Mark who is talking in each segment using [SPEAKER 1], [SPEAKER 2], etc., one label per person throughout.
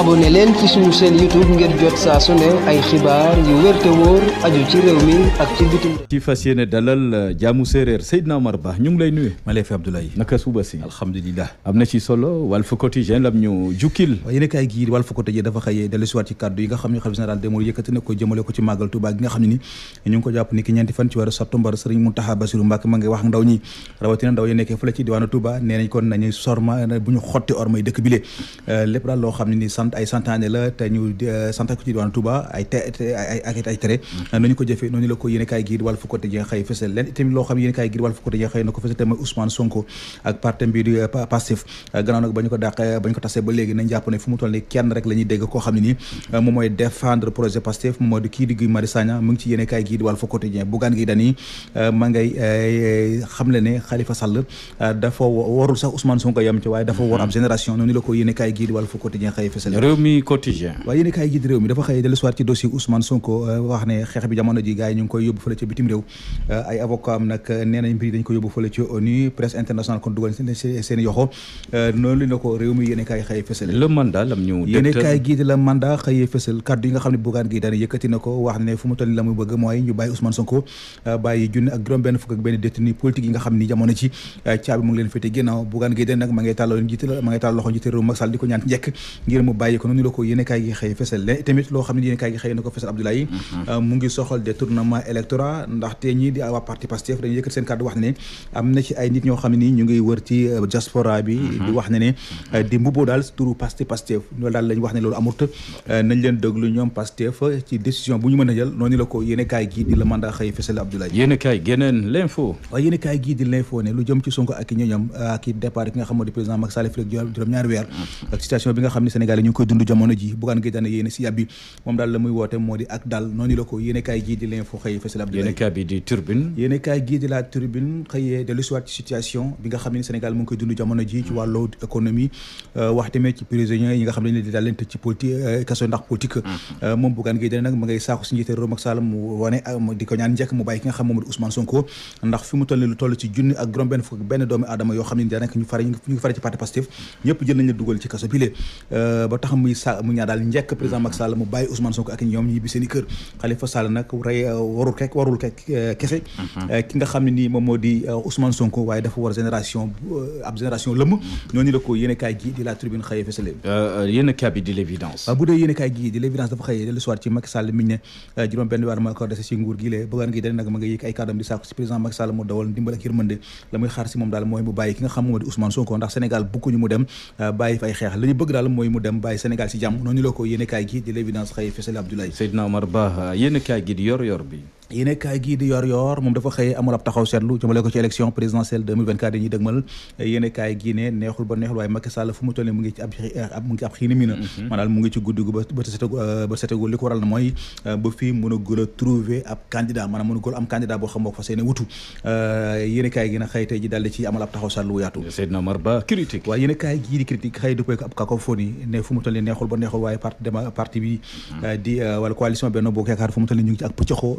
[SPEAKER 1] abonné leen ci suñu chaîne YouTube ngir jot saa su ay xibaar yu wér te aju ci réew mi ak ci bitim ci fas yéene dalal euh, jaamu séeréer Seydina Omar Ba ñu ngi lay nuyu ma lay fi Abdoulaye naka suba si am na ci solo Walf Quotidien lam ñu jukkil waaye yéen kaay gii Walf Quotidien dafa xëyee dellu si waat ci kàddu yi nga xam ne xalifa général des mourides yëkkati na ko jëmale ci màggal Tuubaa gi nga xam ne ni ñu ngi ko jàpp ni ki ñeenti fan ci weeru septembre Sëriñ sant ay santaane la ñu euh, santa ko ay tere mm. nañu ko jëfee noonu la ko yéen kaay gi di Walf Quotidien xëy fësal leen itamit loo xam yéen kaay gi di Walf Quotidien xëy gi di Walf euh, euh, xamle ne Khalifa Sall dafa warul sax Ousmane Sonko yam ci waaye dafa mm-hmm. war ab génération noonu la ko yéen kaay gi di Walf Quotidien xëy fësal réew mi quotidien waaw yéen kaay gi réew mi dafa xëy dellu soir ci dossier Ousmane Sonko euh, wax ne xeex bi jamono ji euh, euh, nga xam ne Bougane Gueye Dany yëkkati na ko wax ne fu mu toll la muy bëgg mooy bàyyi Ousmane Sonko bàyyi junne ak juróom benn fukk ak benn détenu politique yi nga xam ni jamono ci caabi mu leen féete ginnaaw Bougane Gueye Dany nag ma ngay loxo jiite réew Macky Sall di ko ñaan njëkk ngir mu bàyyi ko noonu la ko yéenekaay gi mhm. euh, di a jël noonu la ko yéenekaay fesal Abdoulaye yéenekaay geneen l'info waaw yéenekaay gi di l'info ne lu jëm ci Sonko ak i ñooñam euh, ak i départ ki nga xam ne président Macky Sall fi juróom-ñaari weer mhm. ak situation bi nga xam ne Sénégal ngi koy dund jamono ji Bougane Gueye Dany si yàbbi moom daal la muy woote moo di ak daal noonu la ko yéene kaay gii la turbine xëyee de l'histoire ci situation bi nga xam ne Sénégal mu koy dund jamono ji ci wàllu économie euh, wax tamit ci prisonniers yi nga xam ne dañ leen tëj ci politique euh, kaso ndax politique mm. euh, moom Bougane Gueye nag ma ngay saako si njiite réew Macky mu wane di ko ñaan njëkk mu bàyyi ki nga xam moom di Ousmane Sonko ndax tax muy sa mu ñaa daal njëkk président Macky mu la dawal ndimbal ak yërmande la muy xaar si moom daal mooy mu bàyyi ki nga xam moom di Ousmane Sonko ndax Sénégal bukkuñu mu dem euh, bàyyi fay xeex li bëgg daal mooy mu dem bàyyi bàyyi Sénégal si jàmm noonu la ko yéenekaay gi di l'évidence xëy Fesal Abdoulaye Seydina Omar Ba yéenekaay gi di yor yor bi yéen gii di yor yor moom dafa xëy amal ab taxaw seetlu jëmale ko ci élection présidentielle 2024 dañuy dëgmal yéen ne a a a kaay Ba critique gii ne neexul ba neexul waaye parti parti bi mhm. eh, eh, wala coalition Benno Bokk Yaakaar fu mu toll ñu ngi ci ak pëccëxoo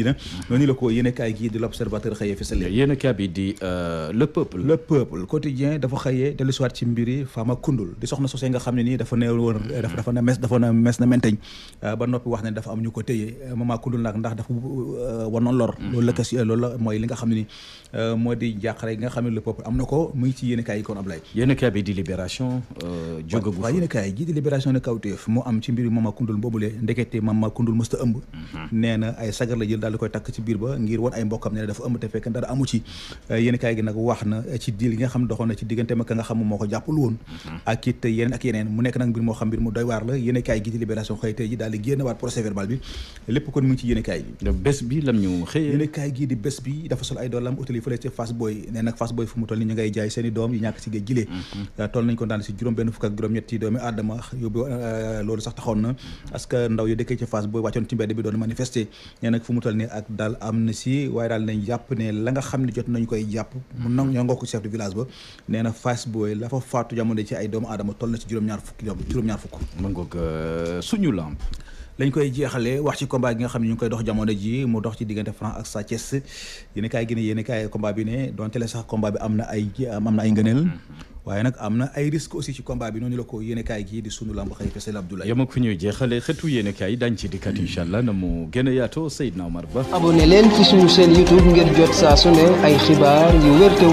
[SPEAKER 1] ji na noonu la ko yéenekaay gii di l'observateur xëyee fësale yéenekaay bi di euh, le peuple le peuple quotidien dafa xëyee dellu siwaat ci mbiri Fama Koundoul di soxna sosé nga xam ne nii dafa ne woon na mes na mes euh, ba noppi wax ne dafa am ñu ko téye euh, Mama Koundoul nag ndax dafa wanoon lor mm-hmm. loolu la kasi li nga xam ne ni moo di njàqare nga xam ne le peuple am na ko mu ngi ci yéenekaay yi kon Ablaye yéenekaay bi di libération jógagu waaw yéenekaay gii di libération ne kawteef mu am ci mbiri Mama daal di koy takk ci biir ba ngir won ay mbokkam ne dafa ëmb te fekk ndaw yu dëkkee ca Fass Boy wàccoon ci mbedd bi doon manifester ne fu mu toll ne ak daal am na si waaye daal nañ jàpp ne la nga xam ne jot nañ koy jàpp mu nag ñoo nga ko chef de village ba nee na Fass la fa faatu jamono ci ay doomu aadama toll na si juróom-ñaar fukk juróom-ñaar fukk mën nga ko suñu lamp lañ koy jeexalee wax ci combat gi nga xam ne ñu koy dox jamono ji mu dox ci diggante Franc ak Sa Thiès yéen gi ne yéen kaay bi ne donte la sax bi am na ay am na ay ngëneel mm-hmm. waaye nag am na ay risque aussi ci combat bi noonu la ko yéen kaay gi di sunu lamb xëy Fesal Abdoulaye yam fi ñuy jeexalee xëtu yéen kaay ci dikkat incha allah na mu gën a yaatoo Seydina Omar Ba abonné leen ci suñu chaîne YouTube ngir jot saa su ay xibaar yu wér te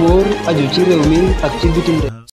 [SPEAKER 1] aju ci réew mi ak ci bitim